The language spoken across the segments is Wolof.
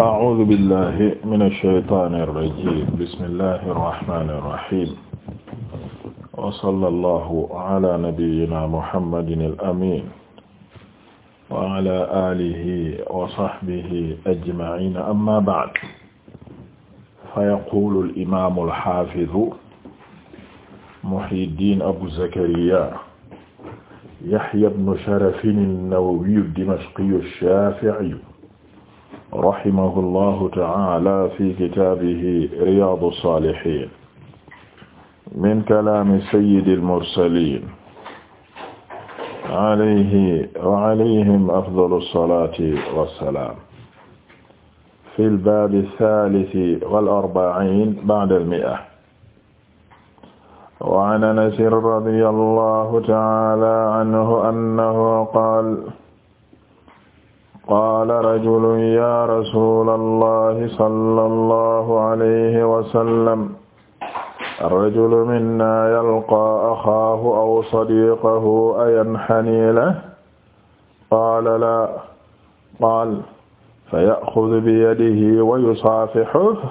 أعوذ بالله من الشيطان الرجيم بسم الله الرحمن الرحيم وصلى الله على نبينا محمد الأمين وعلى آله وصحبه أجمعين أما بعد فيقول الإمام الحافظ محي الدين أبو زكريا يحيى بن شرف النووي الدمشقي الشافعي rahimahullahu ta'ala fi kitaabihi riyaadu saalihiin min kalaami sayyidil mursaliin alayhi wa alayhim afdalu salaati wa salaam fil baabi saalisi wal arba'iin ba'dal mi'a wa an Anas radiyallahu ta'ala anhu annahu qaala qaala rajulun ya rasula allahi salla allahu alayhi wasallam arrajulu minna yalqaa axaahu aw sadiqahu ayanxanii lahu qaala laa qaala fayaxudu biyadihi wa yusaafihuhu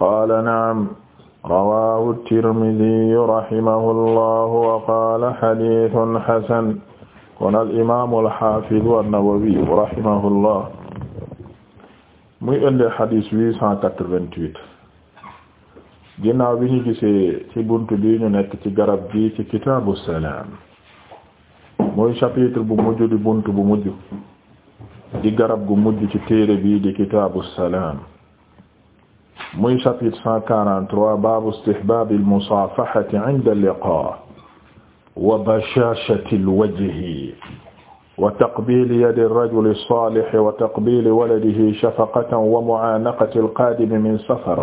qaala na'am rawaahu tirmidiyu rahimahu llahu wa qaala xadiisun xasan kon al imaamu al xaafidu an-Nawawi rahimahullah muy ëndee xadiis huit cent quatre-vingt-huit ginnaaw bi ñu gisee ci bunt bi ñu nekk ci garab gi ci kitaabu salaam muy chapitre bu mujj di bu mujj di garab gu mujj ci téere bi di kitaabu salaam muy chapitre cent quarante-trois baabu istihbaabil musaafaxati inda wa bashaashati lwajhi wa taqbiili yadi rajuli saalihi wa taqbiili waladihi shafaqatan wa mu'aanaqati lqaadimi min safar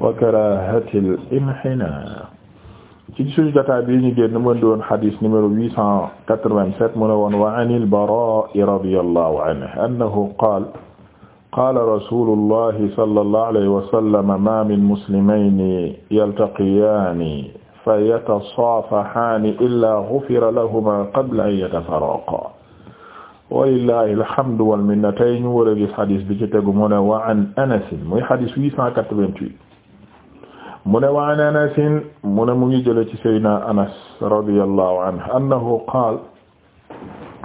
wa karaahati linhinaa ci suñu jotaay bi ñu génn mën doon xadis numéro 887 mu ne woon wa an al-Baraa'i radiyallahu anhu annahu qaala qaala rasuulullahi sallallahu alayhi wa sallam maa min muslimayni yaltaqiyaani fa yatasaafahaani illaa gufira lahumaa qabla an yatafaraqaa walillahi alhamdu wal minna tey ñu war a gis xadis bi ci tegu mu ne wa an Anas muy xadis 888 mu ne wa an Anas mu ne mu ngi jële ci Seydina Anas radiyallahu anhu annahu qaal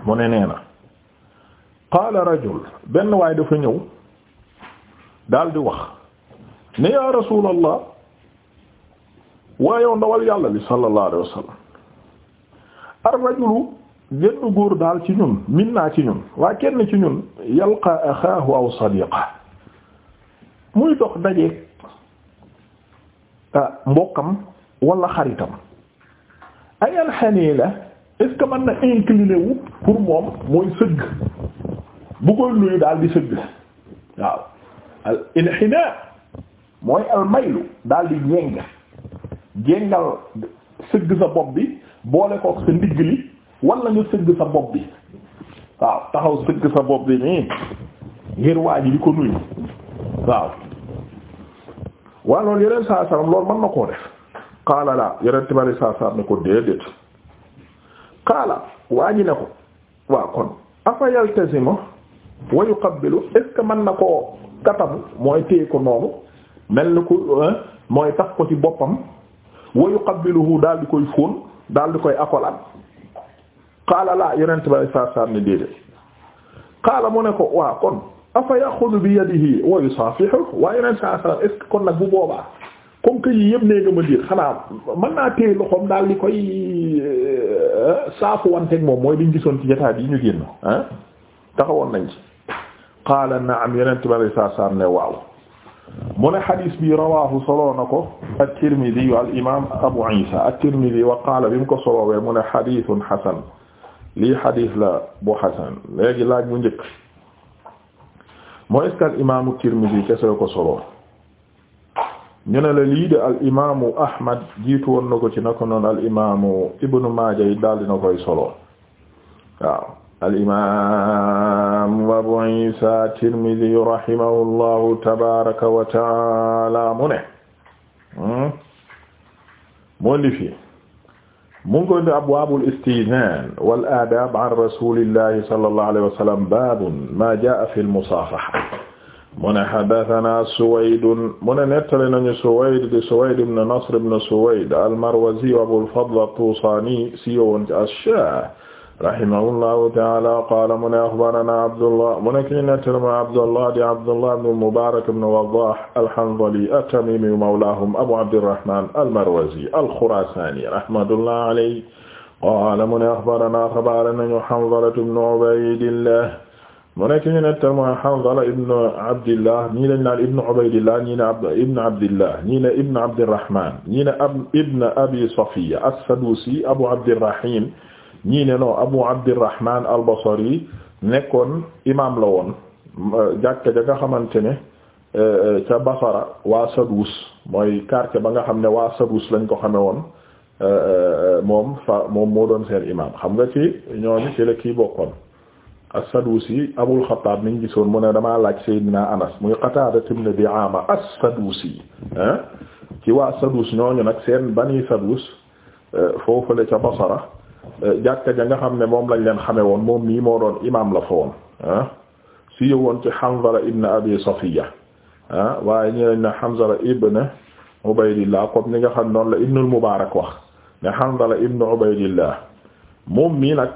mu ne nee na qaala rajul benn waay dafa ñëw daal di wax ne yaa rasulallah waaye yow ndawal yàlla li sallallahu alayhi wa sallam góor daal ci ñun min naa ci ñun waa kenn ci ñun yalqa axaahu aw sadiqa muy dox dajeeg ah, mbokkam wala xaritam ayal xanii la est-ce que mën na incliné wu pour moom mooy sëgg bu koy daal di sëgg waaw al inhina mooy al maylu daal di yeng jéngal sëgg sa bopp bi boole kook sa ndigg li wala nga sëgg sa bopp bi waaw taxaw sëgg sa bopp bi nii ngir waa ji di ko nuyu waaw waaw loolu yeneen saa salaam loolu mën na koo def xaala la yeneen tibari saa salaam ne ko déedéet xaala waa ji ne ko waaw kon afa yaltazimo wa yuqabbilu est-ce que mën na koo katamu mooy téye ko noonu mel ni ku mooy tax ko ci boppam wa yuqabbiluhu daal di koy fóon daal di koy akolaat qaala laa yonent ba saa saa ni déedéet qaala mu ne ko waa kon afa yaxudu bi yadihi wa yusaafihu waa yonent saa saa est-ce kon nag bu boobaa comme que yii yëpp nee nga ma diir xanaa mën naa téye loxoom daal di koy euh, saafu wanteeg moom mooy liñ gisoon ci yi ñu génn ah taxawoon nañ ci qaala naam yonent ba saa saa ne waaw. mu ne xadis bi rawaahu solo na ko at-Tirmidi wal Abu Isa at-Tirmidi wa bi mu ko solowee mu ne xadisun xasan lii xadis la bu xasan léegi laaj bu njëkk mooy est-ce que al imaamu Tirmidi kese ko solo ñu ne la lii de al imaamu Ahmad jiitu woon na ci naka noonu al imaamu Ibnu Maaja yi daal dina solo al imaam abu isa tirmidi rahimahullahu tabaraka wa taala mu ne moo hmm, li fi mu ngi koy ndi abwaabul istizaan wal aadaab an rasuulillahi sallallahu alayhi wa sallam baabun maa jaa'a fil musaafaha mu ne haddasanaa Suwayd mu ne nettali nañu Suwayd di Suwayd ibn Nasr ibn Suwayd al-Marwazi Abul Fadl at-Tuusaani si yowoon ci Ash-Shaah rahimahullahu taala qaala mu ne axbarana Abdullah mu ne ki ñu nettali ma Abdullah di Abdullah ibn al-Mubarak ibn Waddah al-Hanzali at-Tamimi mawlahum Abu Abdirrahman al-Marwazi al-Khurasani rahmatullahi alayhi qaala mu ne axbarana xabaare nañu Hanzala ibn Ubaydillah mu ne ki ñu nettali ma Hanzala ibn Abdillah ñii lañ naan ibn Ubaydillah ñii na ibn Abdillah ñii na ibn Abdirrahman ñii na ibn Abi Safiya as-Sadusi Abu Abdirrahim ñii ne non Abu Abdirrahman al-Basri nekkoon imaam la woon jàkka ja nga xamante ne eh, eh, ca Basara waa Sadus mooy quartier ba nga xam ne waa Sadus lañ ko xame woon eh, moom fa moom moo doon seen imaam xam nga ci ñooñu ci la kii bokkoon as-Sadusi Abul Xattaab niñ gisoon mu ne damaa laaj Seydina Anas muy Qataada ibn Di'aama as-Sadusi ah ci waa Sadus ñooñu nag seen bani Sadus foofule ca Basara Euh, jàkka ja nga xam ne moom lañ leen xame woon moom mii moo doon imaam la fa woon ah si yowoon ci Hanzala ibn Abi Safiya ah waaye ñi lañ ne Hanzala ibn Ubaydillah comme ni nga xam noonu la ibnul Mubaarak wax ne Hanzala ibn Ubaydillah moom mii nag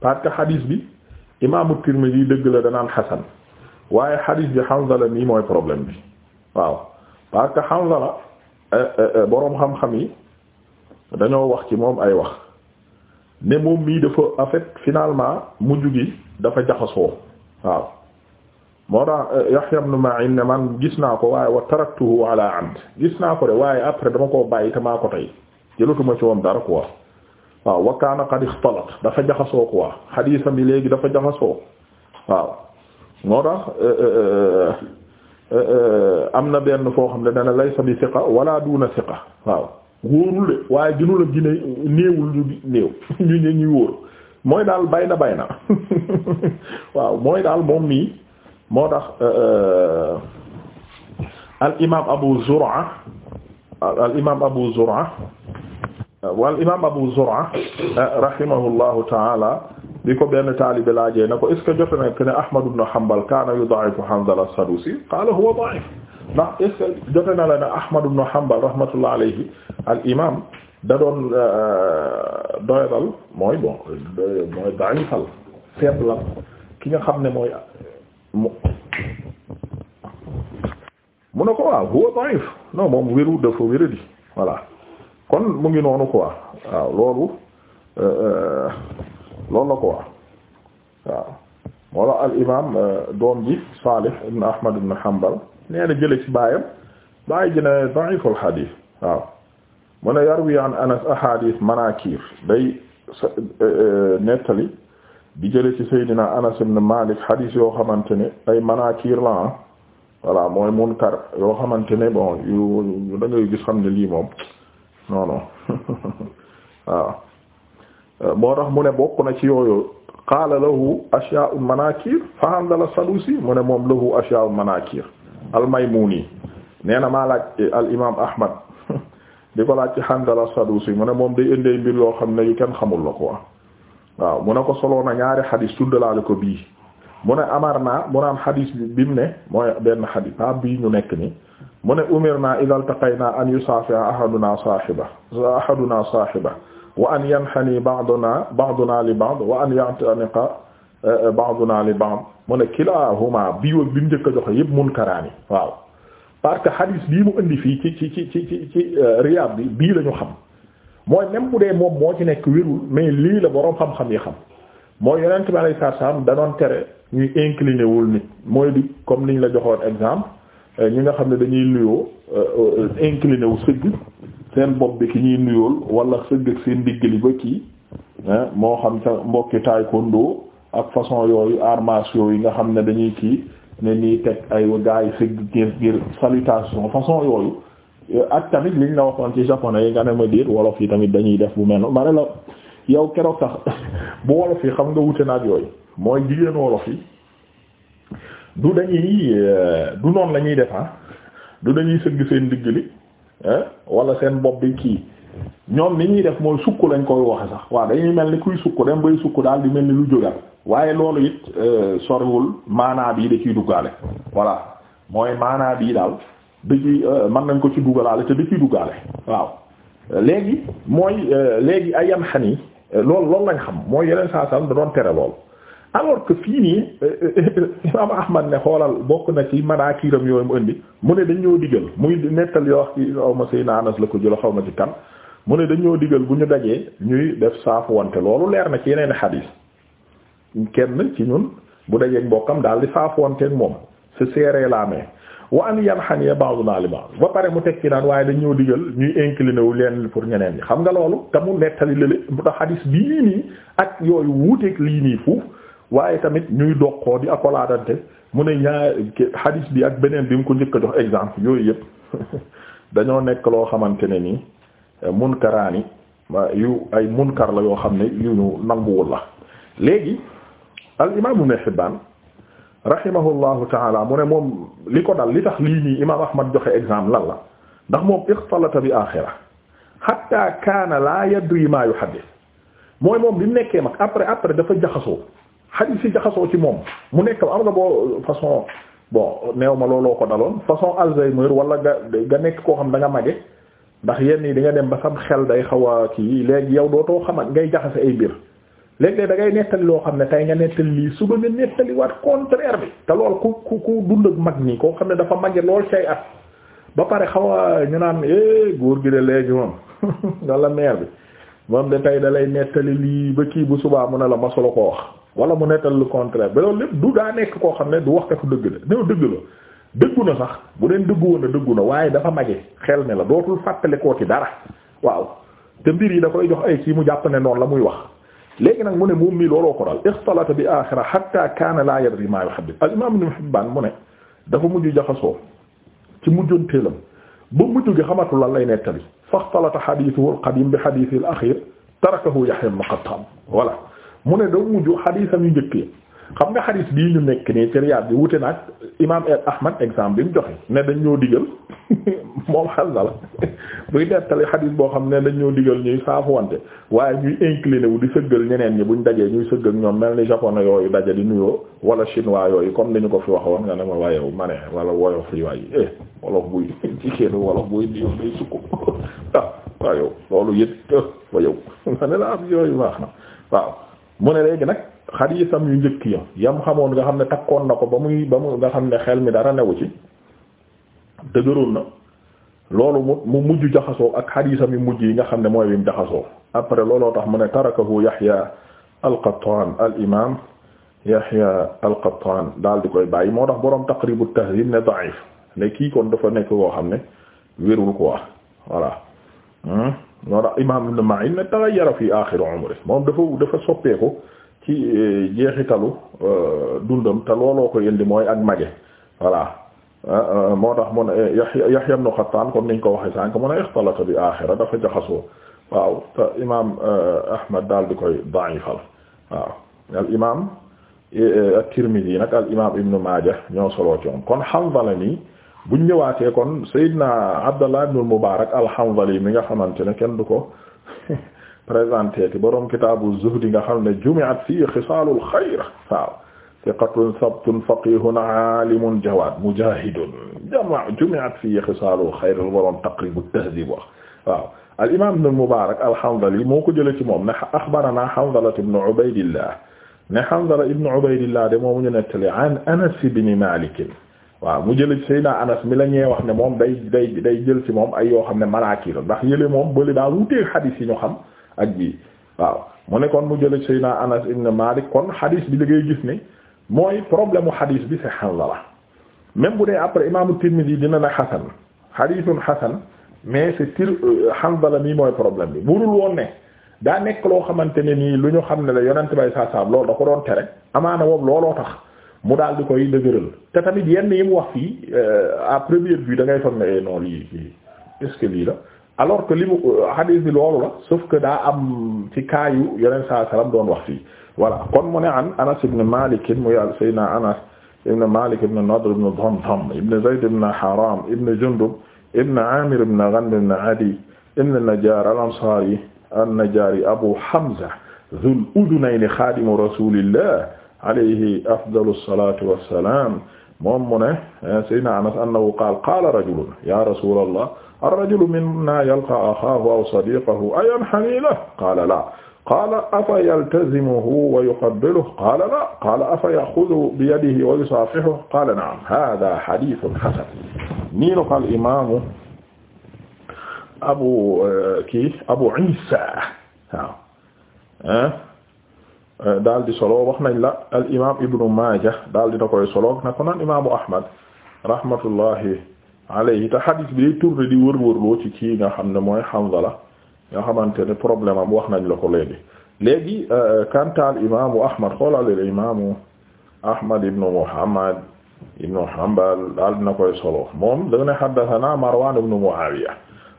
parce que xadiis bi imaamu Tirmidi dëgg la danaan xasan waaye xadiis bi Hanzala mii mooy problème bi waaw parce que Hanzala eh, eh, eh, boroom xam-xam yi dañoo wax ci moom ay wax ne moom mii dafa en finalement mujj gi dafa jaxasoo waaw moo tax euh, Yahya ibn Ma'in ne man gis naa ko waaye wa taraktuhu ala amd gis naa ko de waaye après dama koo bàyyi te ko tey ci woon dara quoi waaw wa qad ixtalat dafa jaxasoo quoi xadiisam bi léegi dafa jaxasoo waaw moo tax euh, euh, am na benn foo xam ne dana laysa bi siqa wala duna siqa waaw wóorul waaye ginu la gine néewul ñu néew ñu ne mooy daal bay na bay na waaw mooy daal moom mi moo tax euh, euh, al imaam Abu Zur'a al imaam Abu Zur'a euh, wal imaam Abu Zur'a rahimahullahu ta'ala bi ko benn taalibe laajee na ko est-ce que jot na que ne Ahmad ibn Hanbal kaana yudha'ifu Hanzala as-Sadusi qaala huwa dha'if ndax est na la ne Ahmad ibn Hanbal rahmatullah alayhi al imam da doon euh, doyadal mooy bon mooy daifal seetlal ki nga xam ne mooy mu ne ko waaw huwa daif non moom wéru dafa wéradi voilà kon mu ngi noonu quoi waaw loolu euh, euh, loolu la quoi waaw wala al imam doom ji Salih ibn Ahmad ibn Hanbal nee na jële ci baayam baay ji ne da'iful hadith day eh, eh, di jële ci seydina anas ibn malik hadith yoo xamante ne ay manakir la ah mooy munkar yoo xamante ne bon yu da gis xam ne lii moom non waaw euh, moo tax mu ne bokk na ci yooyu qaala lahu ashyaa'u manakir fa handala sadusi mu ne moom lahu ashyaa'u manakir al-Maymuni nee maa laaj eh, al imaam Ahmad di ko laaj ci Hanzala as-Sadusi mu ne moom day indee mbir yoo xam ne yu kenn xamul la quoi waaw mu ne ko solo na ñaari xadis tuddalaale ko bii mu ne amar naa mu ne am xadis bi mu ne mooy benn xadis ah bii ñu nekk nii mu ne umirna idha altaqayna an yusafiha ahaduna sahiba ahaduna sahiba wa an yanhani ba'duna ba'duna li ba'd wa an ya'taniqa Euh, euh, ba'duna li ba'd mu ne kilahuma bii bio bi mu njëkk a joxe yëpp munkaraani waaw parce que hadis bii mu indi fii ci ci ci ci ci euh, Riyad bi bii la ñu xam mooy même bu dee moom moo ci nekk wérul mais lii la boroom xam-xam yi xam mooy yonent bi alayhi salaam danoon tere ñuy incliné wul nit mooy di comme niñ la joxoon exemple ñi nga xam ne dañuy nuyoo incliné wu sëgg seen bopp bi ki ñuy nuyool walla sëgg ak seen digg li ba kii moo xam sa mbokki taekwondo ak façon yooyu arts yi nga xam ne dañuy kii ne nii teg ay gars yi sëgg ngir ngir salutation façon yooyu ak tamit liñ la waxoon ci japonais yi nga ne ma diir wolof yi tamit dañuy def bu mel noonu ma ne yow keroog tax bu wolof yi xam nga wute naat yooyu mooy jigéen wolof yi du dañuy euh, du noonu la ñuy def ah. du dañuy sëgg seen digg li wala seen bopp bi kii ñoom ni ñuy def mooy sukk lañ koy waxe sax waa dañuy mel ni kuy sukk dem bay sukk daal di mel ni lu jógal waaye loolu it euh, sorwul maanaa bi da ciy duggaale voilà mooy maanaa bi daal da ciy euh, man nañ ko ci duggalaale te da ciy duggaale waaw léegi mooy euh, léegi ay yan xan yi loolu loolu lañ xam mooy yeneen saa sallam da doon tere lool alors que fii nii imam ahmad ne xoolal bokk na ci manaakiram yooyu mu indi mu ne dañ ñoo digal muy nettal yoo wax ci xaw ma Seydina Anas la ko jël xaw ma ci kan mu ne dañ ñoo digal bu ñu dajee ñuy def saafu wante loolu leer na ci yeneen xadiis kenn ci ñun bu dajeeg mbokkam daal di saafoonteeg moom se serrer la main wa an yanhaniya ba'duna li ba pare mu teg ci naan waaye dañ ñoo digal ñuy incliner wu leen pour ñeneen ñi xam nga loolu te mu nettali lële bu tax xadis bii ak yooyu wuuteeg lii nii fuuf waaye tamit ñuy doqoo di akolaadante mu ne ñaar xadis bi ak beneen bi mu ko njëkk a jox exemple yooyu yëpp dañoo nekk loo xamante ne nii eh, munkaraani yu ay munkar la yoo xam ne yu ñu nanguwul la léegi. al imaam ibn Hibbaan rahimahullahu taala mu ne moom li ko dal li tax lii nii imaam Ahmad joxe exemple lan la ndax moom ixtalata bi aaxira hatta kaana la laa yadri maa yuhaddis mooy moom li mu nekkee mag après après dafa jaxasoo xadiis yi jaxasoo ci moom mu nekk am nga boo façon boo neew ma looloo ko daloon façon Alzheimer wala nga nekk koo xam da nga mage ndax yenn yi di nga dem ba sam xel day xaw a kii léegi yow dootoo xamat ngay jaxase ay mbir léeg-léeg da ngay nettali loo xam ne tey nga nettali lii suba nga nettali waat contraire bi te lool ku ku ku dund ak mag nii koo xam ne dafa màgge lool say at ba pare xaw a ñu naan eh góor gi de léegi moom wala meer bi moom de tey da lay nettali lii ba kii bu subaa mu ne la masolo koo wax wala mu nettali lu contraire ba loolu lépp du daa nekk koo xam ne du wax waxkatu dëgg la néew dëgg la dëggu na sax bu deen dëggu woon a dëggu na waaye dafa mage xel ne la dootul fàttale koo ci dara waaw te mbir yi da koy jox ay kii mu jàpp ne noonu la muy wax léegi nag mu ne moom mii looloo ko dal ixtalata bi axira hatta kaana laa yadri maa yuhaddith al imam ibn Hibbaan mu ne dafa mujj jaxasoo ci mujjonteelam ba mujj gi xamatul lan lay nettali faxtalata xadiisuhu al qadiim bi xadiisihi al axiir tarakahu Yahya ibn Qattaan voilà mu ne da mujj xadiisam yu njëkk xam nga xadis bii ñu nekk nii ci Riyaad bi wute nag imaam Ahmad exemple bi mu joxe ne dañ ñoo digal moom Hanzala buy nettali xadis boo xam ne dañ ñoo digal ñuy saafu wante waaye ñuy incliné wu di sëggal ñeneen ñi buñ dajee ñuy sëggal ñoom mel ni japonais yooyu daje di nuyoo wala chinois yooyu comme ni ko fi wax woon nga ne ma waayew ma ne wala woyof yi waaye eh wolof buy jigéenu wolof buy di ah yow day sukku ah waayow loolu yëpp wayow ma ne la am yooyu baax na waaw mu ne léegi nag xadiisam yu njëkk ya yam xamoon nga xam ne takkoon na ko ba muy ba mu nga xam ne xel mi dara newu ci dëgëroon na loolu mu mujj jaxasoo ak xadiisam yu mujj yi nga xam ne mooy bim jaxasoo après looloo tax mu ne tarakahu Yaxya al-Qattaan daal di koy bàyyi moo tax boroom Taqribu Tahziib ne da'if ne kii kon dafa nekk koo xam ne wérul ko wax voilà hmm? moo tax imaam Ibn Ma'iin ne taghayyara fi aaxiri umri moom dafa dafa soppeeku. ci euh, jeexitalu euh, dundam te looloo ko indi mooy ak mage voilà ah, euh, moo tax mu ne eh, Yahya Yahya ibn Qattan comme niñ ko waxe sànk mu ne ixtalata bi aaxira dafa jaxasoo waaw te imaam Ahmad daal di koy da'ifal waaw al imaam eh, at-Tirmidhi nag al imaam Ibn Maaja ñoo soloo ci moom kon Hanzala nii buñ ñëwaatee kon Seydina Abdallah ibn al al-Hanzali mi nga xamante ne kenn du ko présenté ti borom kitaabu zuhdi nga xam ne jumi'at fii xisaalul xayr waaw thiqatun sabtun faqihun aalimun jawaad mujaahidun jama jumi'at fii xisaalul xayr lu borom taqribu tahdhib wax waaw al imaam ibn al-Mubaarak al-Hanzali moo ko jëlee ci moom ne axbaranaa Hanzala ibn Ubaydillah ne Hanzala ibn Ubaydillah de moom ñu nettali an Anas ibn Maalik waaw mu jëlee ci Seydina Anas mi la ñee wax ne moom day day day jël ci moom ay yoo xam ne malaaki la ndax yële moom bële daa wuteeg xadiis yi ñu xam ak bii waaw mu ne kon mu jële Seydina Anas ibn Malik kon hadith bi li ngay gis ni mooy problème mu hadith bi c'est la même bu dee après imaamu Tirmidhi dina na xasan hadithun xasan mais c'est tir euh, la mii mooy problème bi burul woon ne daa nekk loo xamante ne nii lu ñu xam ne la yonent bay saa saam loolu da ko doon tere amaana boobu looloo tax mu daal di koy dëgëral te tamit yenn yi mu wax fii a euh, première vue da ngay foog ne eh noonu lii est la. alors que li mu euh, hadis bi loolu la sauf que daa am ci kaayu yeneen saa salaam doon wax fii voilà kon mu ne an Anas ibn Malik muy Seydina Anas ibn Malik ibn Nadr ibn Damdam ibn Zayd ibn Haram ibn Jundub ibn Amir ibn Ghanm ibn Adi ibn Najjar al-Ansari an-Najjari Abu Hamza Dhul Udhunayn khadimu rasulillah alayhi afdalu salatu wassalam moom mu ne eh, Seydina Anas annahu qaala qaala rajulun ya rasulallah ar-rajulu minna yalqa axaahu aw sadiqahu ayan hamila qaala la qaala afa yaltazimuhu wa yuqabbiluhu qaala la qaala afa ya'xuduhu biyadihi wa yusaafihuhu qaala na'am haaza hadiisun hasan nii la ko al imaamu abu eh, kii abu Iisa waaw eh? Eh, daal di solo wax nañ la al imaam Ibnu Maaja daal dina koy solo na ko naan imaamu Ahmad rahmatullahi alayhi te xadis bi day tourné di wërwërloo ci kii nga xam ne mooy Hanzala nga xamante ne problème am wax nañ la ko léegi léegi kantaal euh, imaamu Ahmad xoolal imaamu Ahmad ibnu Muhammad ibnu Hanbal daal dina koy solo moom da nga ne haddathana Marwan ibnu Muawiya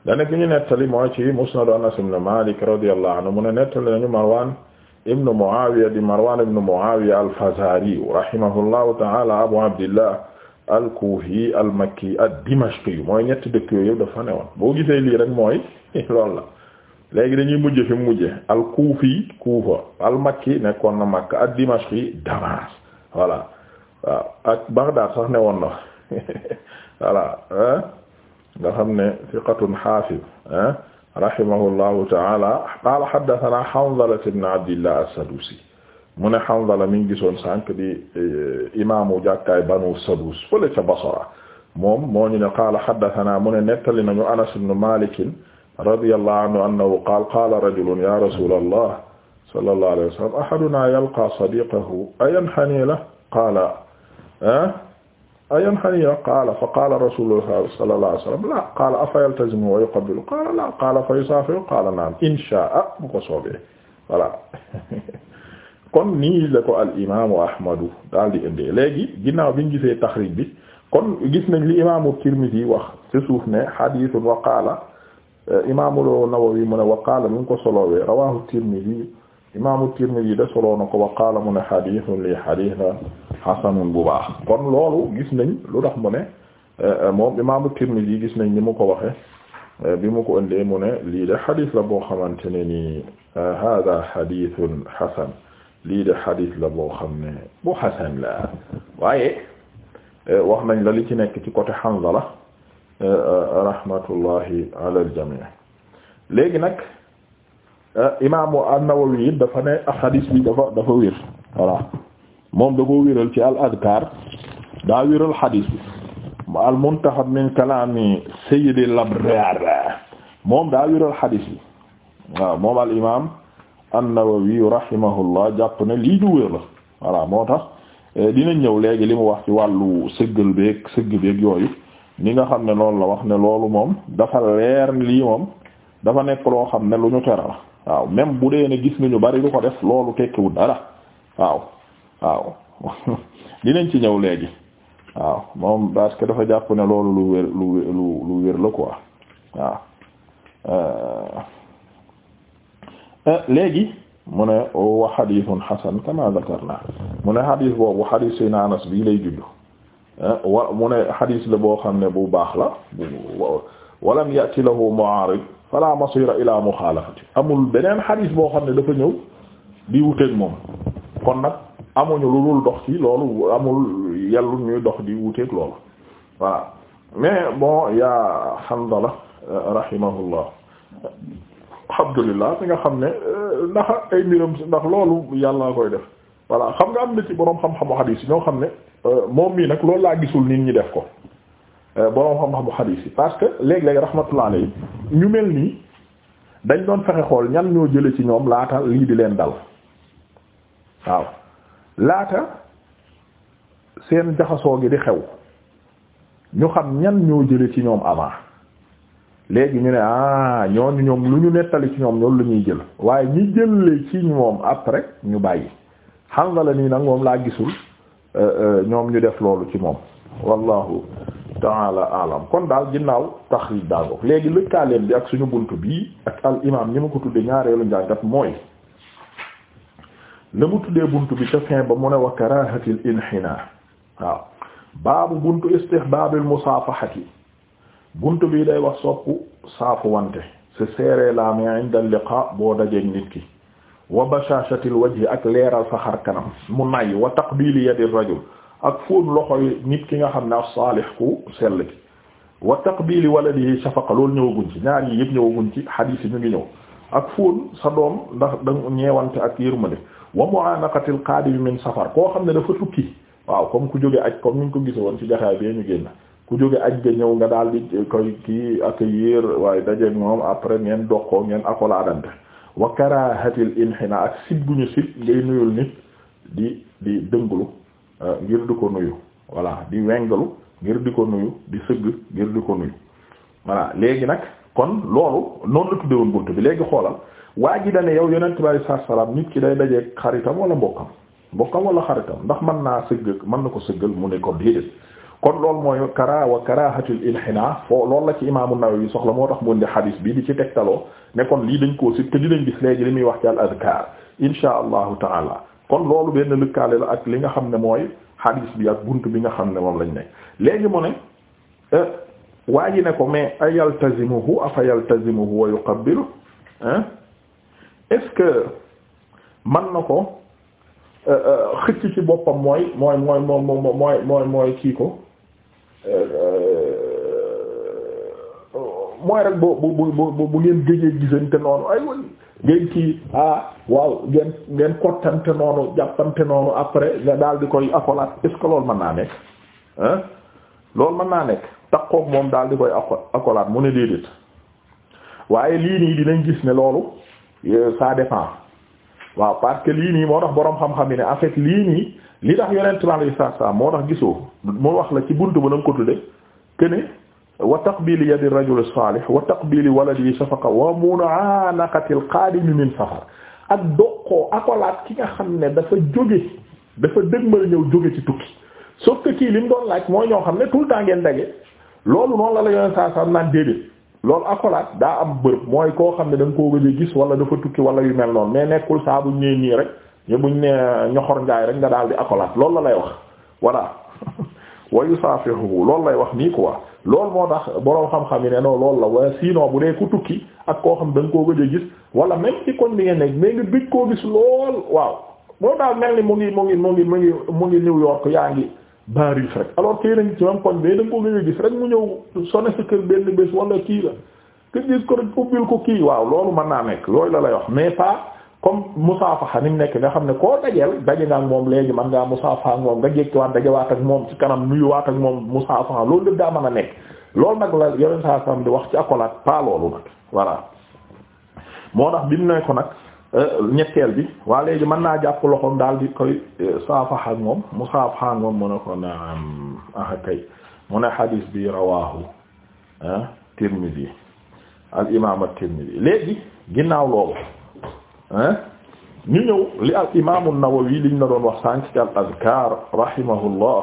da ñu nettali mooy ci Musnad Anas mu ne nettali nañu Marwan ibnu Muawiya di Marwan ibnu Muawiya al-Fazari rahimahullahu ta'ala Abu Abdillah al-Kufi al-Makki ad-Dimashqi mooy ñetti dëkk yooyu yëpp dafa newoon boo gisee lii rek mooy loolu la léegi dañuy mujj fi mu mujje al-Kufi Kufa al-Makki nekkoon na Makka ad-Dimashqi Damas voilà waaw ak Baghdad sax newoon na voilà nga xam ne thiqatun hafiz rahimahullahu ta'ala qala haddathana Hanzala ibn Abdillah as-Sadusi mu ne Hanzala mi ngi gisoon sànq di eh, imaamu jàkkaay Banu Sadus fële ca Basra moom moo ñu ne qaala haddathanaa mu ne nettali nañu Anas ibn Maalik radiyallahu anhu annahu qaala qaala rajulun ya rasulallah sallallahu alayhi wa sallam ahadunaa yalqaa sadiqahu ayanhanii lahu qaala eh? ayanhanii lahu qaala fa qaala rasulullah sallallahu alayhi wa sallam laa qaala afa yaltazimu wa yuqabbilu qaala laa qaala fa yusaafihu qaala na'am in shaa'a bu ko soobee voilà kon nii la ko al imaamu ahmadu daal di indee léegi ginnaaw bi ñu gisee taxrij bi kon gis nañ li imaamu Tirmidhi wax ci suuf ne hadithun wa qaala imaamul Nawawi mu ne wa qaala mi ko solowee rawahu Tirmidhi imaamu Tirmidhi da soloo na ko wa qaala mu ne hadithun li hadith la hasanun bu baax kon loolu gis nañ lu tax mu ne moom imaamu Tirmidhi gis nañ ni mu ko waxe bi mu ko indee mu ne lii de hadith la boo xamante ne nii hada hasan lii de xadis la boo xam ne bu xasan la waaye eh, wax nañ la li ci nekk ci côté Hanzala eh, eh, rahmatullahi ala al-jamii léegi nag imaamu an-Nawawi it dafa ne xadis bi dafa dafa moom da koo ci al-Adkaar daa wéral xadis bi al-Muntaxab min kalaami Sayyid al moom daa wéral xadis bi moom al imaam an-Nawawi rahimahullah jàpp ne lii du wér la voilà moo tax eh, dinañ ñëw léegi li mu wax ci wàllu sëggal beek sëgg beeg yooyu ni nga xam ne loolu la wax ne loolu moom dafa leer lii moom dafa nekk loo xam ne lu ñu tere la waaw même bu dee ne gis ñu bari lu ko def loolu tekkiwul dara waaw waaw dinañ ci ñëw léegi waaw moom parce dafa jàpp ne loolu lu wér lu wér la quoi waaw euh, Euh, léegi mu ne wa hadithun hasan kama dhakarna mu ne hadith boobu hadith sayna Anas bii lay juddu euh, wa mu ne hadith la boo xam ne bu baax la bu walam yati lahu mu'arid fala masira ila muxaalafati amul beneen hadith boo xam ne dafa ñëw di wuteeg moom kon nag amuñu lu dul dox ci loolu amul yellu ñuy dox di wuteeg loolu voilà mais bon yaa Hanzala euh, rahimahullah alhamdulillah si nga xam ne euh, ndax ay mbiram ndax loolu yàlla koy def voilà xam nga am na ci boroom xam-xamu xadiis yi ñoo xam ne euh, moom mii nag loolu laa gisul nit ñi def ko euh, boroom xam-xamu xadiis yi parce que léeg-léeg rahmatullah alayhi ñu mel nii dañ doon fexe xool ñan ñoo jële ci ñoom laata lii di leen dal waaw laata seen jaxasoo gi di xew ñu xam ñan ñoo jële ci ñoom avant léegi ñu ne ah ñooñu ñoom lu ñu nettali ci ñoom loolu lu ñuy jël waaye ñi jëlee ci moom après ñu bàyyi xam nga la nii nag moom laa gisul euh, euh, ñoom ñu def loolu ci moom wallahu taala alam kon daal ginnaaw taxrij daango léegi lëkkaaleen bi ak suñu bunt bii ak al imam ñi ma ko tudde ñaareelu njàngat mooy la mu tuddee bunt bi ca fin ba mu ne wa karahatil inhina waaw baabu buntu istihbaabil musaafahati buntu bii day wax soppu saafu wante se serrer la main inda liqa boo dajeeg nit ki wa bashashatil ak leeral sa xar kanam mu nay wa taqbili yadi rajul ak fóon loxo yi nit ki nga xam ne ak saalih ku sell ki wa taqbili waladihi shafaqa loolu ñëwaguñ ci ñaar yi yëpp ñëwaguñ ci xadiis yi ñu ngi ñëw ak fóon sa doom ndax da ñeewante ak yërmande wa mu'anaqatil qadim min safar koo xam ne dafa tukki waaw comme ku jóge aj comme ñu ko gise woon ci jaxaay bi ñu génn ku jóge aj ga ñëw nga daal di koy kii accueillir waaye dajeeg moom après ngeen doqoo ngeen akolaadante wa karahatil inhina ak sib ñu sib ngay nuyul nit di di dënglu euh, ngir di ko nuyu voilà di wenglu ngir di ko nuyu di sëgg ngir di ko nuyu voilà léegi nag kon loolu noonu la tuddewoon bunt bi léegi xoolal waa ji dane yow yonent bi alei saatu salaam nit ki day dajeeg xaritam wala mbokkam mbokkam wala xaritam ndax mën naa sëgg mën na ko sëggal mu ne ko déedéet kon loolu mooy kara wa karahatul inhina foo lool la ci imaamu Nawawi soxla moo tax mu indi hadith bi di ci tegtaloo ne kon lii dañ koo sit te dinañ gis léegi li muy wax ci al azkar insha allahu kon loolu benn lëkkaale la ak li nga xam ne mooy hadith bi ak bunt bi nga xam ne moom lañ ne léegi mu ne euh, waa ji ne ko mais a yaltazimuhu afa yaltazimuhu wa yuqabbilu hein est-ce man na ko euh, euh, xëcc ci boppam mooy mooy mooy mooy mooy mooy kii ko Euh, mooy rek bu bu bu bu ngeen géjee gisante noonu ay way ngeen kii ah waaw ngeen ngeen kottante noonu jàppante noonu après nga daal di koy akolaat est-ce loolu mën naa nekk hein loolu mën naa nekk takkook moom dal di koy akolaat mu ne déedéet waaye lii nii dinañ gis ne loolu euh, ça dépend waaw parce que lii nii moo tax boroom xam-xam yi ne en lii nii li tax yonent bi alayhi salaatu salaam moo tax gisoo moo wax la ci bunt ba na ko tudde kene wa taqbili yadi rajul salih wa taqbili waladi shafaqa wa mu'anaqati al-qadimi min safar ak doqoo akolaat ki nga xam ne dafa jóge dafa dëgmal ñëw jóge ci tukki sauf kii li mu doon laaj mooy ñoo xam ne tout le temps ngeen daje loolu noonu la la yonent saa saa naan déedéet loolu akolaat daa am bërëb mooy koo xam ne da nga koo gis wala dafa tukki wala yu mel noonu mais nekkul saabu bu ñëwee rek. ñu buñ ne ñoxor njaay rek nga daal di accolade loolu la lay wax voilà wayu saafihu loolu lay wax nii quoi loolu moo tax boroom xam-xam yi ne non loolu la waaye sinon bu dee ku tukki ak koo xam da nga koo gëj a gis wala même ci koñ bi ngeen nekk mais nga gëj koo gis lool waaw moo daal mel ni mu ngi mu ngi mu ngi mu ngi mu ngi New York yaa ngi Paris rek alors tey nañ ci même koñ bi da nga koo gëj a gis rek mu ñëw sonné sa kër benn bés wala kii la te gis ko rek ubbil ko kii waaw loolu mën naa nekk loolu la lay wax mais pas. comme musaafaxa ni mu nekk nga xam ne koo dajeel daje nga ak moom léegi man ngaa musaafaxa ak moom nga jékkiwaat dajewaat ak moom ci ak moom a nekk loolu nag la yeneen di wax ci accolade pas loolu ko nag euh, ñetteel bi waa léegi mën naa jàpp loxoom daal di koy euh, saafaxa ak moom musaafaxa ak moom mu ne ko naam ah mu ne xadiis bi rawaahu ah Tirmidhi léegi ginnaaw loolu. ñu ñëw li al imaamu Nawawi liñ la doon wax sànq ci al azkaar rahimahullah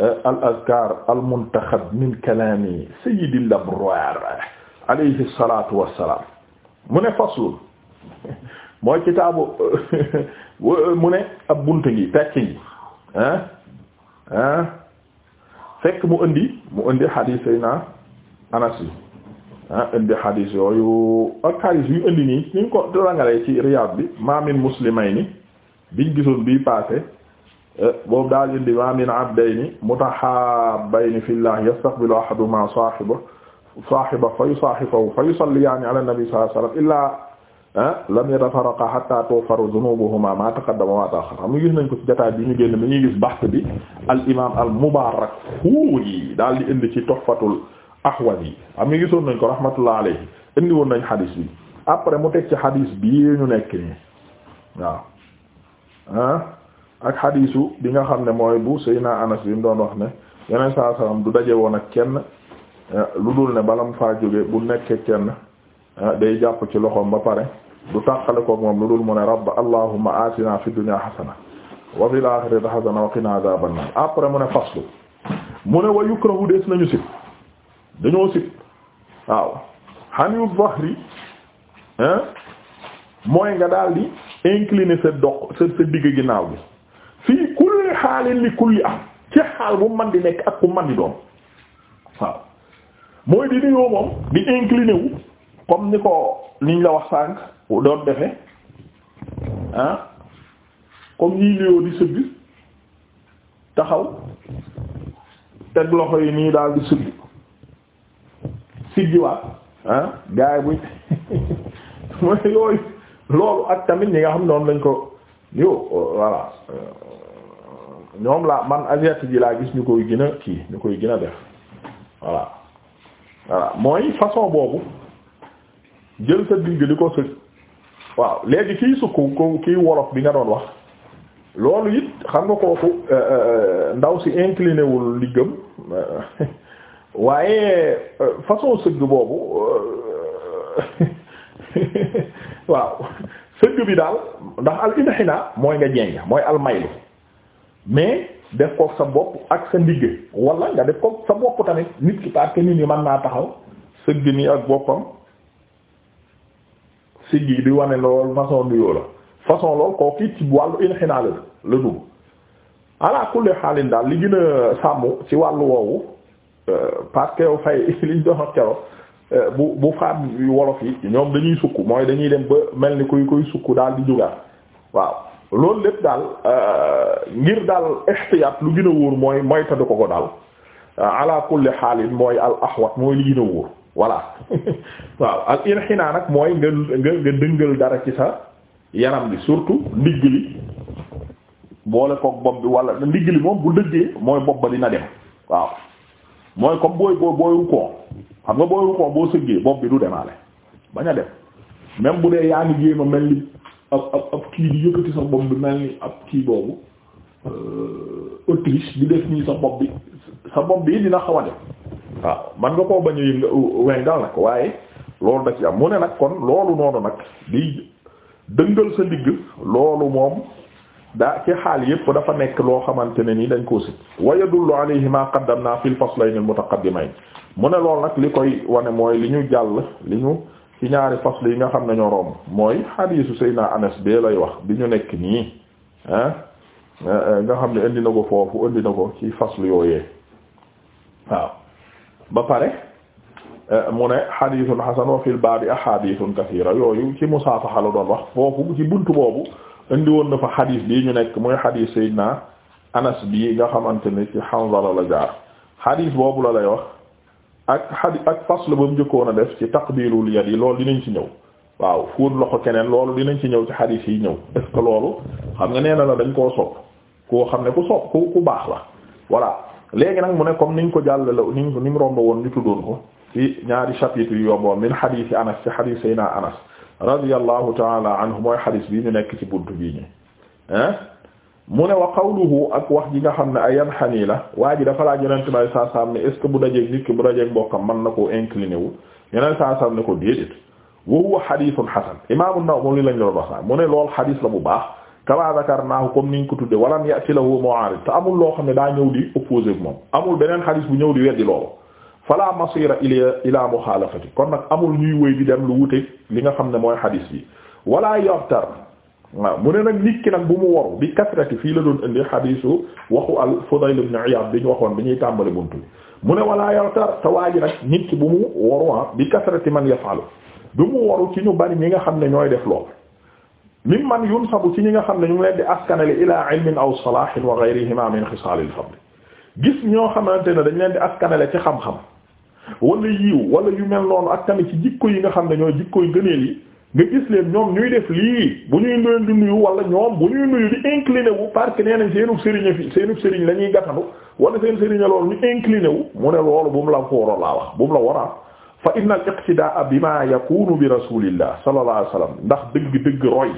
eh, al azkaar al muntaxab min kalaami sayyidil abraar alayhi salaatu wa salaam mu ne faslun mooy kitaabu mu ne ab buntu gi pecc gi fekk mu indi mu indi hadiis Seydina Anas ah indi xadis yooyu ak xadis yu indi nii ni ko rangalee ci Riyad bi ma min muslimayni biñ gisoon bii passé eh, boobu daal indi ma min abdayni mutahabbayni fillah yastaqbilu ahaduhuma saahiba saahiba fa yusaahifahu fa yusalliyaani ala nabi sallallahu alayhi wasallam illaa eh, lam yatafaraqa hatta tughfara dhunubuhuma ma taqaddama wa ta'akhkhara mu gis nañ ko ci jotaay bi ñu génn bi ñuy gis baxte bi al imam al Mubarakfuri daal di indi ci Tuhfatul Ahwazi am ñu gisoon nañ ko rahmatullah alayhi indi woon nañ xadis bi après mu teg ci xadis bii ñu nekk nii waaw ak xadisu bi nga xam ne mooy bu Seydina Anas bi mu doon wax ne yeneen saa salaam du daje woon ak kenn eh, lu dul ne bala mu faa jóge bu nekkee kenn eh, day jàpp ci loxoom ba pare du tàqale ko moom lu dul mu ne rabba allahumma atina fi dunya hasana wa fil akhirati hasana wa qina adhaban nar après mu ne faslu mu ne wa yukrahu des nañu si dañoo sit waaw xaniu zahri mooy nga daal di incliner sa doq sa digg ginnaaw bi fii kulli xaalin li kulli am ci xaal bu man di nekk ak ku man di waaw mooy di nuyoo moom di incliner wu comme ni ko niñ la wax sànq doon defe ah comme ñii nuyoo di sëgg taxaw teg loxo yi nii daal di sëgg siggiwaat ah gars yi buñ mooy yooyu loolu ak tamit ñi nga xam noonu lañ ko yow voilà ñoom laa man asiatique yi laa gis ñu koy gën a kii ñu koy gën a def voilà voilà mooy façon boobu jël sa digg di ko sëg waaw léegi kiy sukk kiy wolof bi nga doon wax loolu it xam nga kooku euh, euh, euh, ndaw si incliné wul liggam waaye euh, façon sëgg boobu euh, waaw sëgg bi daal ndax al inhina mooy nga jeng mooy al maylu mais def kook sa bopp ak sa ndigg wala nga def kook sa bopp tamit nit ki parce nit ñi mën naa taxaw sëgg nii ak boppam sigg yi di wane lool façon nuyoo la façon lool kooku it ci wàllu inhina la la dugg ala kulli xaalin daal li gën a sàmm ci wàllu woowu Euh, parce que fay liñ doon wax euh, bu bu faat wolof yi ñoom dañuy sukk mooy dañuy dem ba mel ni kuy kuy sukk daal di jugaat waaw loolu lépp daal euh, ngir daal ihtiyat lu gën wóor mooy moytadu ko ko daal ala kulli xaalin mooy al ahwat mooy li gën wóor voilà waaw al inxinaa nag mooy nga nga nga dëngal dara ci sa yaram bi surtout ndigg li boole koog bopp bi wala ndigg li moom bu dëggee mooy bopp ba dina dem waaw mooy comme booy booy booy rukkoo xam nga booy rukkoo boo sëggee bopp bi du demaale bañ a dem même bu dee yaa ngi jéem mel ni ab ab ab kii di yëkkati sa bopp bi mel ni ab kii boobu euh, autriche di def nii sa bopp bi sa bopp bi dina xaw a dem waaw man nga koo bañ a yënga wengal nag waaye loolu da ci am mu ne nag kon loolu noonu nag di dëngal sa ndigg loolu moom daa ci xaal yépp dafa nekk loo xamante ne nii dañ koo sit wa yadullu alayhi ma qaddamna fil faslayn al mutaqaddimayn mu ne lool nag li koy wane mooy li ñu jàll li ñu ci ñaari fasl yi nga xam ne ñoo mooy xadiisu Seydina Anas bee lay wax bi ñu nekk nii ah nga xam ne indi na ko foofu indi na ko ci fasl yooyee waaw ba pare eh, mu ne xadiisun xasan wa fil bi ahadiisun kasiira yooyu ci musaafaxa la doon wax foofu ci bunt boobu indi woon na fa xadis bii ñu nekk mooy xadis Seydina Anas bii nga xamante ne ci Hanzala la jaar xadis boobu la lay wax ak xadis ak fasl ba mu a def ci taqbilul yad yi loolu dinañ ci ñëw waaw fóot loxo keneen loolu dinañ ci ñëw ci xadis yi ñëw est ce loolu xam nga nee na la dañ koo sopp koo xam ne ku sopp ku ku baax la voilà léegi nag mu ne comme ñu ko jàllale niñ ni mu romb woon ñu tuddoon ko ci ñaari chapitre yu yomboon min xadis Anas ci xadis Seydina Anas radiyallahu taala anhu mooy xadis bi ñu nekk ci bunt bii ñu ah eh? mu ne wa qawluhu ak wax ji nga xam ne ay yan xanii la waa ji dafa laaj yonente nay saa saam ne est ce que bu dajeeg nit ki bu dajeeg mbokkam man na ko incliné wu yeneen saa saam ne ko déedéet wa huwa xadisun xasan imaamu Nawawi li lañ loolu wax naa mu ne lool xadis la bu baax kama zakarnaahu comme niñ ko tudde walam ya'ti lahu mu'aarid te amul loo xam ne daa ñëw di opposé ak moom amul beneen bu ñëw di weddi loolu fala masira ila ila muxaalafati kon nag amul ñuy wéy di dem lu wute li nga xam ne mooy xadis bi wala yortar waaw mu ne nag nit ki nag bu mu waru bi kasrati fii la doon indi xadisu waxu al Fudayl ibn Iyad bi ñu waxoon bi ñuy tàmbale buntu mu ne wala yortar te waa ji nag nit bu mu waru ah bi kasrati man yafalu du mu waru ci ñu bari ñi nga xam ne ñooy def lool min man yunsabu ci ñi nga xam ne ñu ngi leen di askanale ila ilmin aw salahin wa gayrihima min ñoo xamante ne dañ leen di askanale ci xam-xam wala yiw wala yu mel noonu ak tamit ci jikko yi nga xam ne ñoo jikkoy gëneel yi nga gis leen ñoom ñuy def lii bu ñuy leen di nuyu wala ñoom bu ñuy nuyu di incliné wu parce nee nañ seenub sëriñ fi seenub sëriñ la ñuy gàttanu wala seen sëriñ loolu ñu incliné wu mu ne loolu bu mu la fooro laa wax bu mu la waraa fa inna al iqtidaa bima yakunu bi rasulillah sallallahu alayhi wasallam ndax dëgg-dëgg roy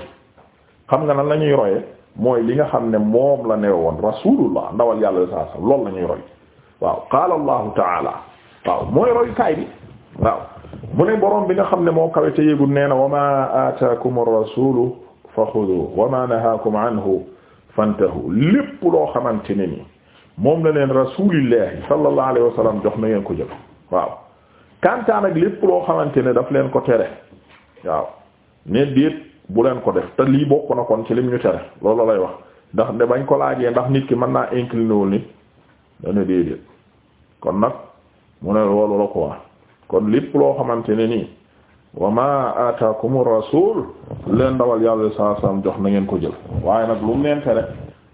xam nga nan la ñuy royee mooy li nga xam ne moom la newoon rasulullah ndawal yàlla sallallahu alayhi wasallam loolu waaw mooy royukaay bi waaw mu ne borom bi nga xam ne moo kawe te yéegul nee na wa ma ataakum ar-rasulu fa xudu wa ma nahaakum anhu fantahu lépp loo xamante ne ni moom la leen rasulillahi sallallahu alayhi wa jox na ngeen ko jël waaw kantaan ak lépp loo xamante ne daf leen ko tere waaw ne déet bu leen ko def te lii bokk na kon ci lim ñu tere loolu lay wax ndax ne bañ ko laajee ndax nit ki mën naa incliné wul ni dana déedéet kon nag mu ne loolu ko wa kon lépp loo xamante ne ni wa ma ataakumu rasul leen dawal yàlla saa saam jox na ngeen ko jël waaye nag lu mu leen tere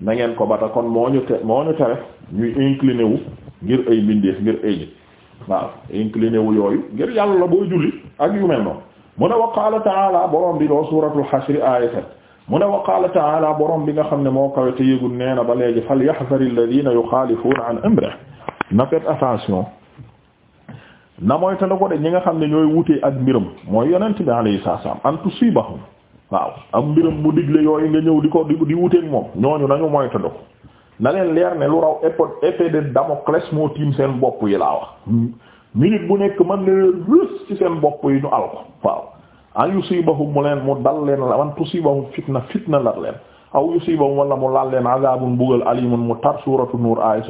na ngeen ko bata kon moo ñu te moo ñu tere incliné wu ngir ay mbindeef ngir ay nit waaw incliné wu yooyu ngir yàlla la booy julli ak yu mel noonu wa qaala taala borom bi doo suratul xashri ayatan mu ne wa qaala taala borom bi nga xam ne moo kawe te yëgul nee na ba léegi fal yaxdari yu yuxaalifuuna an amrihi na fait na mooy te ko de ñi nga xam ne ñooy wutee ak mbiram mooy yonent bi alayhi salaam an tusibahum waaw am mbiram bu digle yooyu nga ñëw di ko di wuteeg moom ñooñu nañu moytandiku na leen leer ne lu raw épée de Damoclès moo tiim seen bopp yi laa wax minute bu nekk man na leen rës ci seen bopp yi ñu al ko waaw an yusibahum mu leen mu dal leen la an tusibahum fitna fitna lar leen aw yusibahum wala mu laal leen azabun bugal alimun mu tar suuratu nuur ay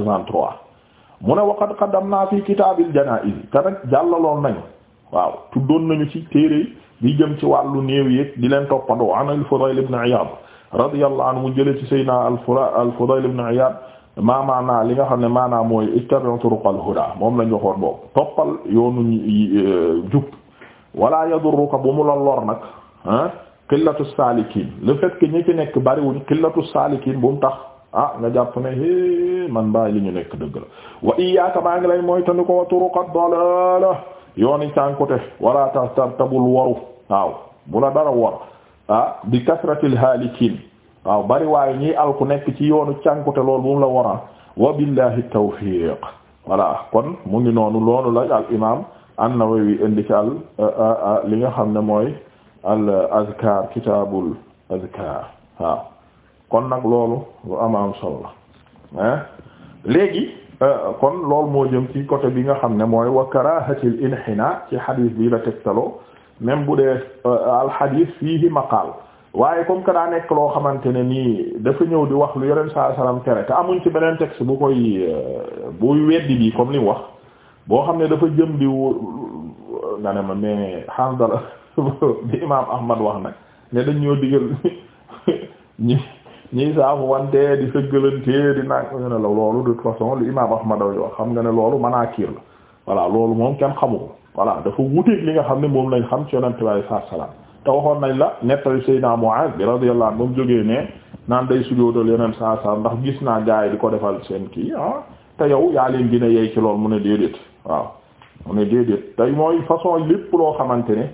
mu ne waqad qaddamna fi kitaabil janaa'iz te nag jàllaloon nañu waaw tuddoon nañu ci téere bi jëm ci wàllu néew yi di leen toppandoo an al-Fudayl ibn Iyaad radiyallahu anhu mu jëlee ci Seydina al-Fudayl ibn Iyaad maa maanaa li nga xam ne maanaa mooy ittabi'u turuqal hudaa moom lañ waxoon boobu toppal yoonu e, jub wala yadurruka bu mu la lor nag ah qillatu saalikiin le fait que ñi ci nekk bariwuñ qillatu saalikiin bu mu tax. ah nga jàpp na é man baa li ñu nekk dëgg la wa iyyaka maa ngi lay mooy tanu ko wa turuqa dalala yooni cànkute wala ta ta tabul waru waaw bu la dara war ah bi kasratil haalikiin waaw bari waaye ñiy alku nekk ci yoonu cànkute loolu bu mu la wara wa billahi tawfiq voilà kon mu ngi noonu loolu la al imam an-Nawawi indi ci al li nga xam ne mooy al azkar kitabul azkar waaw kon nag loolu lu ama am solo la léegi euh, kon loolu moo jëm ci côté bi nga xam ne mooy wa karahatil inhina ci xadiis bi la tegtaloo même bu dee euh, al xadiis fiihi maqaal waaye comme que daa nekk loo xamante ne nii dafa ñëw di wax lu yonent saa salaam tere te amuñ ci beneen texte bu koy euh, buy weddi bi comme li wax boo xam ne dafa jëm di nga ne ma mais Hanzala bi imaam Ahmad wax nag ne dañ ñoo digal ñi ni ñii saafu wante di sëggalantee di nag ñu ne la loolu de toute façon lu imam ma aw wax xam nga ne loolu manaakir la voilà loolu moom kenn xamu ko voilà dafa wuteeg li nga xam ne moom lañ xam si yonente bi alei saa salaam te waxoon nañ la nettali Seydina Muaz bi radiyallahu anhu moom jógee ne naan day sujjóotal yeneen saa saa ndax gis naa gaa di ko defal seen kii ah te yow yaa leen gën a yey ci loolu mu ne déedéet waaw mu ne déedéet tey mooy façon lépp xamante ne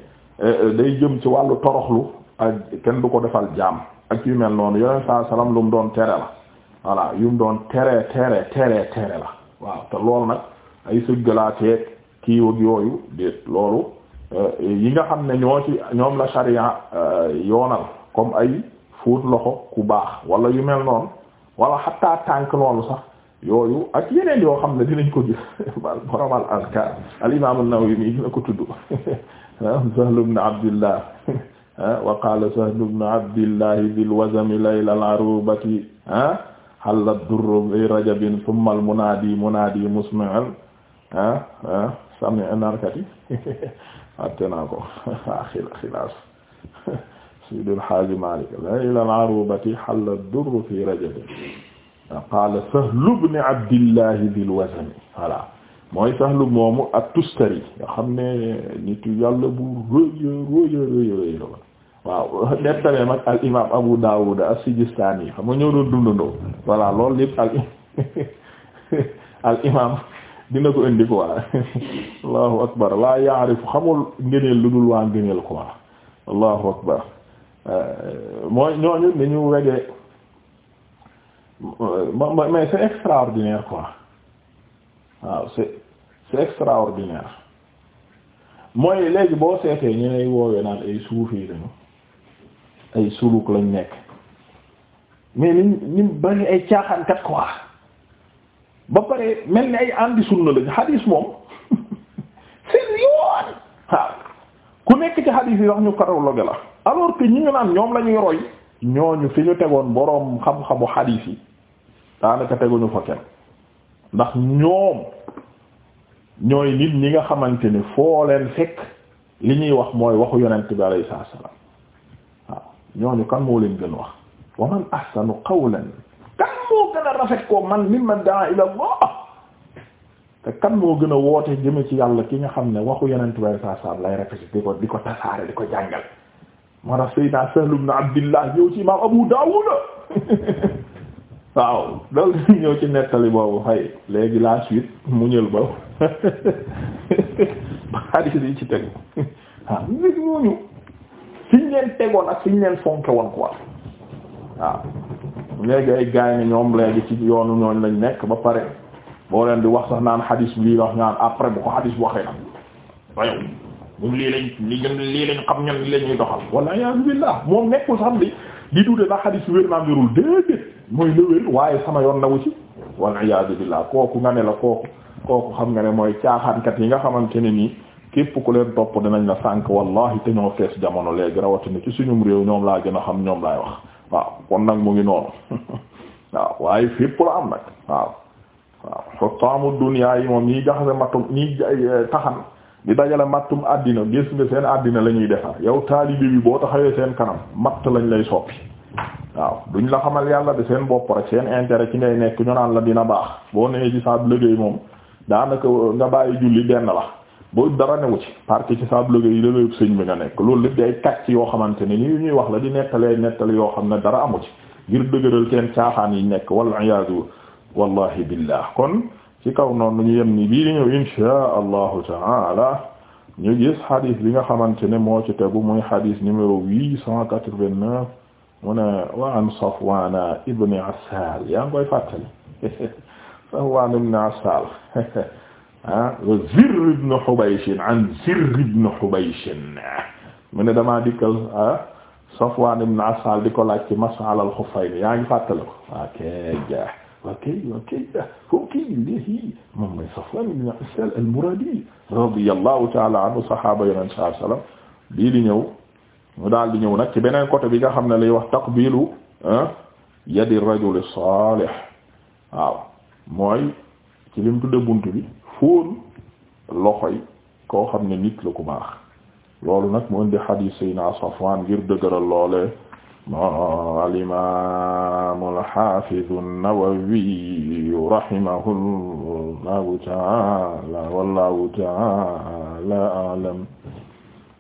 eh, eh, day jëm ci wàllu toroxlu ak kenn du ko defal jaam ak yu mel noonu yoneen saa salaam lu mu doon tere la voilà yu mu doon tere tere tere tere la waaw te loolu nag ay sëggalaateeg kii wag yooyu déet loolu euh, yi nga xam ne ñoo ci ñoom la sharia euh, yoonal comme ay fóot loxo ku baax wala yu mel noonu wala xataa tànk noonu sax yooyu ak yeneen yoo xam ne dinañ ko gis borom al azkar al imam an-Nawawi mi dina ko tudd Sahl ibn Abdillah Ah, wa qala Sahl ibn Abdillah dhil wazami layla al-arubati ah, halla ad-durru bi rajabin thumma al-munadi munadi musmi'an ah, sami'a narkati atte naa ko xilaas Seydi El Hadji Malick layla al-arubati halla ad-durru fi rajabin qala Sahl ibn Abdillah dhil wazami voilà mooy sahlu moomu ak tustari nga xam ne nitu yàlla bu rëy rëy rëy rëy waaw nettalee mag al imam Abu Dawud as-Sijistani xam nga ñëw doon dundandoo voilà loolu lépp al al dina ko indi quoi allahu akbar la yaarifu xamul ngëneel lu dul waa ngëneel quoi allahu akbar euh, mooy ñooñu dañu wegee mais c'est extraordinaire quoi waaw c'est c'est extraordinaire mooy léegi boo seetee ñu ne woowee naan ay suufi lañu ay suluk lañ nekk mais ni ni bari ay caaxaankat quoi ba pare mel ni ay andi sunna lañu xadiis moom seen yoon waaw ku nekk ci xadiis yi wax ñu catalogué la alors que ñi ñu naan ñoom la ñuy roy ñooñu fi ñu tegoon boroom xam-xamu xadiis yi daanaka teguñu fa kenn ndax ñoom ñooy nit ñi nga xamante ni foo leen fekk li ñuy wax mooy waxu yonent bi alayhi salaam waaw ñooñu kan moo leen gën wax wa man ahsanu qawlan kan moo gën a rafet ko man mimman daa ila Allah te kan moo gën a woote jëme ci yàlla ki nga xam ne waxu yonent bi alayhi salaam lay rafet di ko di ko tasaare di ko jàngal moo tax Seydina Sahl ibn Abdillah ñëw ci imaam Abu Dawud waaw dal ñëw ci nettali boobu fay léegi laa suite mu ñël ba hadis yi ci tegu waaw nit ñooñu fiñ leen tegoon leen fonke woon quoi waaw léegi ay gaay ñoom léegi ci yoonu ñooñ lañ nekk ba pare boo leen di wax sax naan hadis lii wax naan après bu ko hadis waxee nag waaye ñun lii lañ lii lañ xam ñun lii lañuy doxal walla yaa billah moom nekkul sax di di duute la hadis wér naa wérul déedéet mooy lëwél waaye sama yoon nawu ci wal iyaadu billah kooku nga ne la kooku kooku xam nga ne mooy caaxaankat yi nga xamante ne nii képp ku leen topp dinañ la sànk wallahi te ñoo fees jamono léegi rawatina ci suñum réew ñoom laa gën a xam ñoom laay wax waaw kon nag mu ngi noonu waaw waaye fépp la am nag waaw waaw xotaamu duniyaa yi moom ñiy jaxase mattum ñiy eh, taxan di dajale mattum àddina gis nga seen àddina la ñuy defar yow taalibe bi boo taxawee seen kanam matt lañ lay soppi waaw duñ la xamal yàlla de seen bopp rek seen intere ci ngay nekk ñu naan la dina baax boo nee ci saabu liggéey moom daanaka nga bàyyi julli benn la boo dara newu ci parce que ci saabu liggéey yi liggéeyub sëñ bi nga nekk loolu lépp day kàcc yoo xamante ne ni ñuy wax la di nettalee nettali yoo xam ne dara amu ci ngir dëgërël seen caaxaan yi nekk wal iyaadu wallahi billah kon ci kaw noonu ñu yem ni bii di ñëw inshaa allahu taala ñu gis xadiis bi nga xamante ne moo ci tegu muy xadiis numéro huit cent quatre-vingt-neuf mu ne wa an Safwaana ibn Assaal yaa ngi koy fàttali Safwaan ibn Assaal ah wa Zirr ibn Hubaysh an Zirr ibn Hubaysh mu ne damaa dikkal ah Safwaan ibn Assaal di ko laaj ci mas'ala al-xuffayni yaa ngi fàttali ko waa kay ja waa kay waa kay ja foo kay léegi moom mooy Safwaan ibn Assaal al-Muraadi radiyallahu ta'ala anhu saxaaba Yonent sallallahu alayhi wa sallam bii di ñëw. mu daal di ñëw nag ci beneen côté bi nga xam ne lay wax taqbilu ah, yadi rajul salih waaw mooy ci lim tudde bunt bi fóon loxoy koo xam ne nit la ku baax loolu nag mu indi xadiis sayna Safwan ngir dëgëral loole al imaam al xaafiz an-Nawawi rahimahullahu ta'ala wallahu ta'ala a'lam